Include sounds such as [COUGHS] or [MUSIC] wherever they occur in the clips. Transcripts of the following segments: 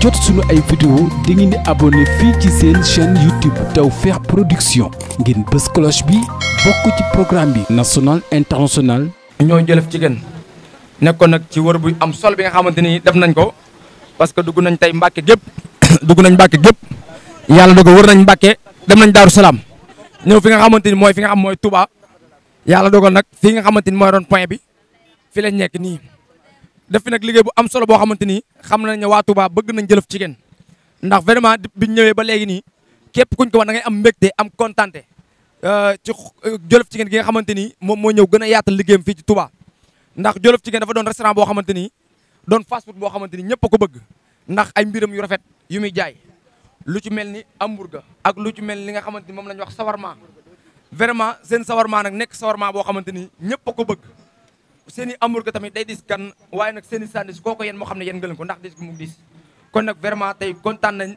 jot suñu ay vidéo da ngeen di abonné fii ci seen chaîne YouTube Tawfekh Production ngeen bës cloche bi bokk ci programme bi national international ñoo jëlëf ci gën nekkoon nag ci wër bu am sol bi nga xamante ni def nañ ko parce que dugg nañ tey Mbàkke gépp [COUGHS] dugg nañ Mbàkke gépp yàlla dogal war nañ Mbàkke dem nañ Daaru Salaam ñëw fi nga xamante ni mooy fi nga xam mooy Touba yàlla dogal nag fi nga xamante ni mooy rond point bi fi lañ nekk nii def fi nag liggéey bu am solo boo xamante ni xam nañ ne waa Touba bëgg nañ jëlëf Jigéen ndax vraiment biñ ñëwee ba léegi nii képp kuñ ko wax da ngay am mbégte am kontaante euh, ci euh, jolof ci ngeen nga xamante ni moom moo ñëw gën a yaatal liggéeyam fii ci Touba ndax jolof ci ngeen dafa doon restaurant boo xamante ni doon fast food boo xamante ni ñëpp ko bëgg ndax ay mbiram yu rafet yu muy jaay lu ci mel ni hamburger ak lu ci mel ni nga xamante ni moom la ñuy wax sawarma vraiment seen sawarma nag nekk sawarma boo xamante ni ñëpp ko bëgg seen i amour ko tamit day dis gan waaye nag seeni i sànni su ko yéen moo xam ne yéen ngeen ko ndax dis gu mu dis kon nag vraiment tey kontaan nañ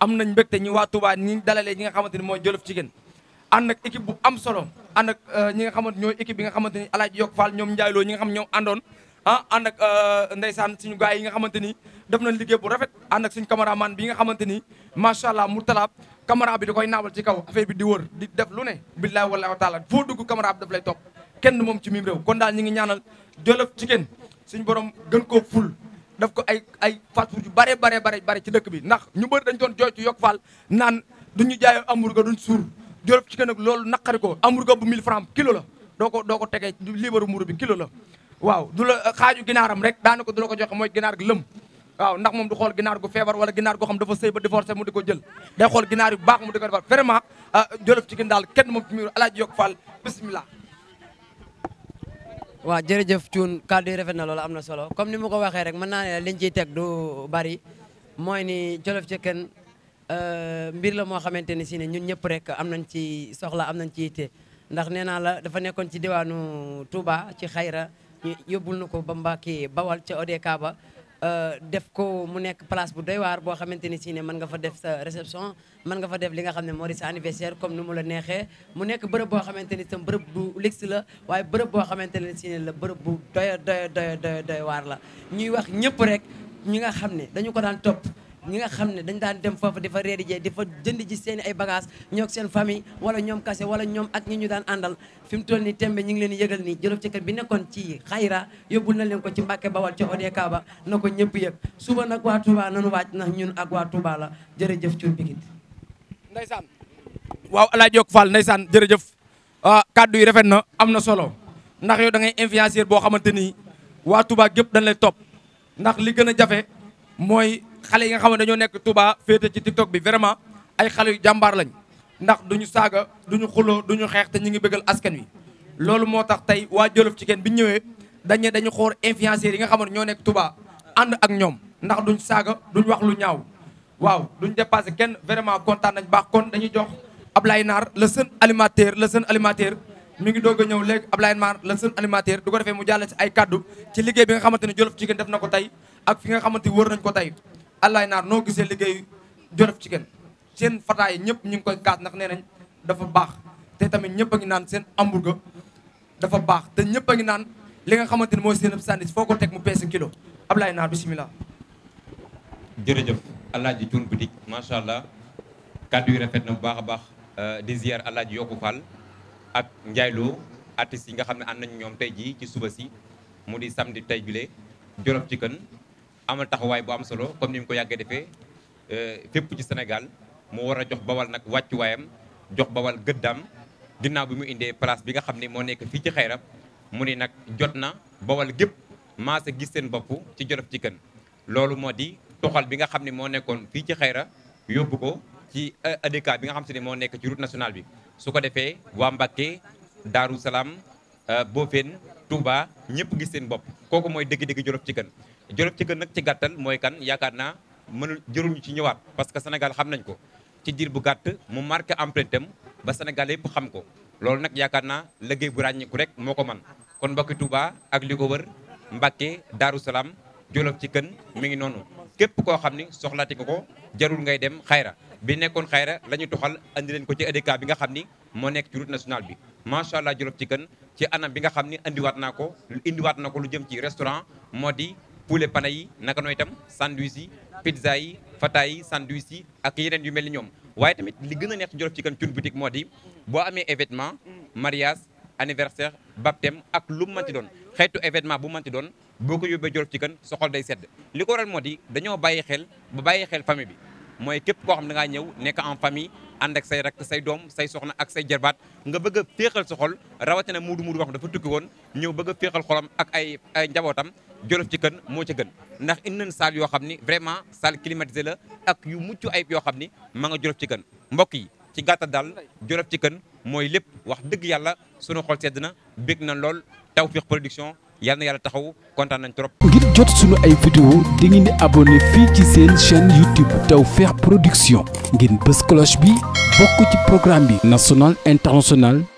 am nañ mbégte ñi waa Touba ñi dalalee ñi nga xamante ni mooy Jolof Chicken ànd ak équipe bu am solo ànd ak euh, ñi nga xamante ñooy équipe bi nga xamante ni Alaaji Yok Fall ñoom njaayloo ñi nga xam ñoom àndoon ah ànd ak euh, ndeysaan suñu gars yi nga xamante ni def nañ liggéey bu rafet ànd ak suñu caméraman bi nga xamante ni macha allah Mourtala caméra bi da koy naawal ci kaw bi di wër di def lu ne billahi wallahi wa taala foo dugg caméra bi daf kenn moom ci mim réew kon daal ñi ngi ñaanal Jolof Chicken suñu borom gën ko ful daf ko ay ay fast food yu bare bare bare bare ci dëkk bi ndax ñu bëri dañ doon jooy ci yokk faal naan duñu jaayoo hamburger duñ suur Jolof Chicken nag loolu naqari ko hamburger bu 1000 francs kilo la doo ko doo ko tegee liibaru mburu bi kilo la waaw du la euh, xaaju ginaaram rek daanaka du la ko joxe mooy ginaar gi lëm waaw ndax moom du xool ginaar gu feebar wala ginaar goo xam dafa sëy ba divorcé mu xool ginaar yu baax mu di ko defar euh, daal kenn moom ci miir alaaji yokk faal waaw jërëjëf Thioune kàddu yi rafet na loolu am na solo comme ni ma ko waxee rek mën naa ne liñ ciy teg du bari mooy ni Jolof Chicken euh, mbir la moo xamante ni si ne ñun ñëpp rek am nañ ci soxla am nañ ci yitte ndax nee naa la dafa nekkoon ci diwaanu Touba ci xayra ñu yóbbul ko ba Mbàkke Bawal ca ode kaaba Euh, def ko mu nekk place bu doy waar boo xamante ni si ne mën nga fa def sa réception mën nga fa def li nga xam ne moo di sa anniversaire comme ni mu la neexee mu nekk bërëb boo xamante ni tam bërëb bu luxe la waaye bërëb boo xamante ne si la bërëb bu doy doy doy doy waar la ñuy wax ñëpp rek ñi nga xam ne dañu ko daan topp ñi nga xam ne dañ daan dem foofu di fa reer jee di fa jënd ji seen ay bagage ñoog seen famille wala ñoom kase wala ñoom ak ñu daan àndal fi mu toll nii tembe ñi ngi leen yëgal nii jolof ci kat bi nekkoon ci xayra yóbbul na leen ko ci Mbàkke Bawal ca ODK ba na ko ñëpp yëg suba nag waa Touba nanu waaj ndax ñun ak waa Touba la jërëjëf cur bigit ndaysaan waaw alaaj Jok Fall ndaysaan jërëjëf ah, kaddu yi rafet na am na solo ndax yow da ngay influenceur boo xamante nii waa Touba gépp dañ lay topp ndax li gën a xale yi nga xam dañoo nekk tubaa féete ci TikTok bi vraiment ay xale yu jàmbaar lañ ndax duñu saaga duñu xuloo duñu xeex te ñu ngi bëggal askan wi. loolu moo tax tey waa Jolof ci kenn bi ñu ñëwee dañ ne dañu xool influenceurs yi nga ñoo nekk Touba ànd ak ñoom ndax duñ saaga duñ wax lu ñaaw waaw duñ dépassé kenn vraiment kontaan nañ baax kon dañuy jox Ablaye Naar la seen animateur la seen animateur. mu ngi doog a ñëw léegi Ablaye Mar la seen animateur du ko defee mu jàll ci ay kaddu ci liggéey bi nga xamante ne ci Chicken def na ko tey ak fi nga xamante wër nañ ko tey Alaay naar noo gisee liggéey ci Chicken seen fataay yi ñëpp ñu ngi koy kaas ndax nee nañ dafa baax te tamit ñëpp a ngi naan seen hamburger dafa baax te ñëpp a ngi naan li nga xamante ni mooy seen ab foo ko teg mu peese kilo Ablaye naar bisimilah. jërëjëf Alaaji Cuun Boutique macha allah kàddu yi rafet na bu baax a baax euh, di ziar Alaaji Yokku Fall ak Ndiaye Lo artistes yi nga xam ne ànd nañu ñoom tey jii ci suba si mu di samdi tey bile Jolof Chicken amal taxawaay bu am solo comme ni mu ko yàggee defee euh, fépp ci Sénégal mu war a jox bawal nag wàccuwaayam jox bawal gëddaam ginnaaw bi mu indee place bi nga xam ne moo nekk fii ci xayrab mu ni nag jot na bawal gépp maase gis seen bopp ci Jolof Chicken loolu moo di toxal bi nga xam ne moo nekkoon fii ci xayra yóbbu ko ci euh, ADK bi nga xam si ne moo nekk ci route nationale bi su ko defee waa Mbàkke Daaru Salaam Euh, Bofène Touba ñëpp gis seen bopp kooku mooy dëgg-dëgg Jolof Chicken Jolof kën nag ci gàttal mooy kan yaakaar naa mënul jërul ci ñëwaat parce que Sénégal xam nañ ko ci diir bu gàtt mu marqué empreinte am ba Sénégal yëpp xam ko loolu nag yaakaar naa liggéey bu ràññiku rek moo ko man kon mbokki Touba ak li ko wër Mbacke Daaru Salaam ci kën mu ngi noonu képp koo xam ni soxlaati nga ko jarul ngay dem xayra bi nekkoon xayra la ñu toxal indi leen ko ci EDK bi nga xam ni moo nekk ci route nationale bi macha allah ci Chicken ci anam bi nga xam ni indiwaat naa ko indiwaat na ko lu jëm ci restaurant moo di poulet pané yi naka nooy itam sandwich yi pizza yi fata yi sandwich yi ak yeneen yu mel ni ñoom waaye tamit li gën a neex Djolof Chicken cun boutique moo di boo amee événement mariage anniversaire baptême ak lu mu manti doon xeetu événement bu manti doon boo ko yóbbee Djolof Chicken soxol day sedd li ko waral moo di dañoo bàyyi xel ba bàyyi xel famille bi mooy képp koo xam da ngaa ñëw nekk en famille ànd ak say rek say doom say soxna ak say jarbaat nga bëgg a féexal sa xol rawatina muudu muudu boo xam dafa tukki woon ñëw bëgg a féexal xolam ak ay njabootam jolof ci kën moo ci gën ndax indi nañ salle yoo xam ni vraiment salle climatisée la ak yu mucc ayib yoo xam ni ma nga jolof ci kën mbokk yi ci gàttal daal jolof ci kën mooy lépp wax dëgg yàlla sunu xol sedd na bég na lool taw Tawfekh Production yal na taxaw kontaan nañ trop. ngir jot suñu ay vidéo di ngeen di abonné fii ci seen chaîne YouTube Tawfekh Production ngeen bës cloche bi bokk ci programme bi national international.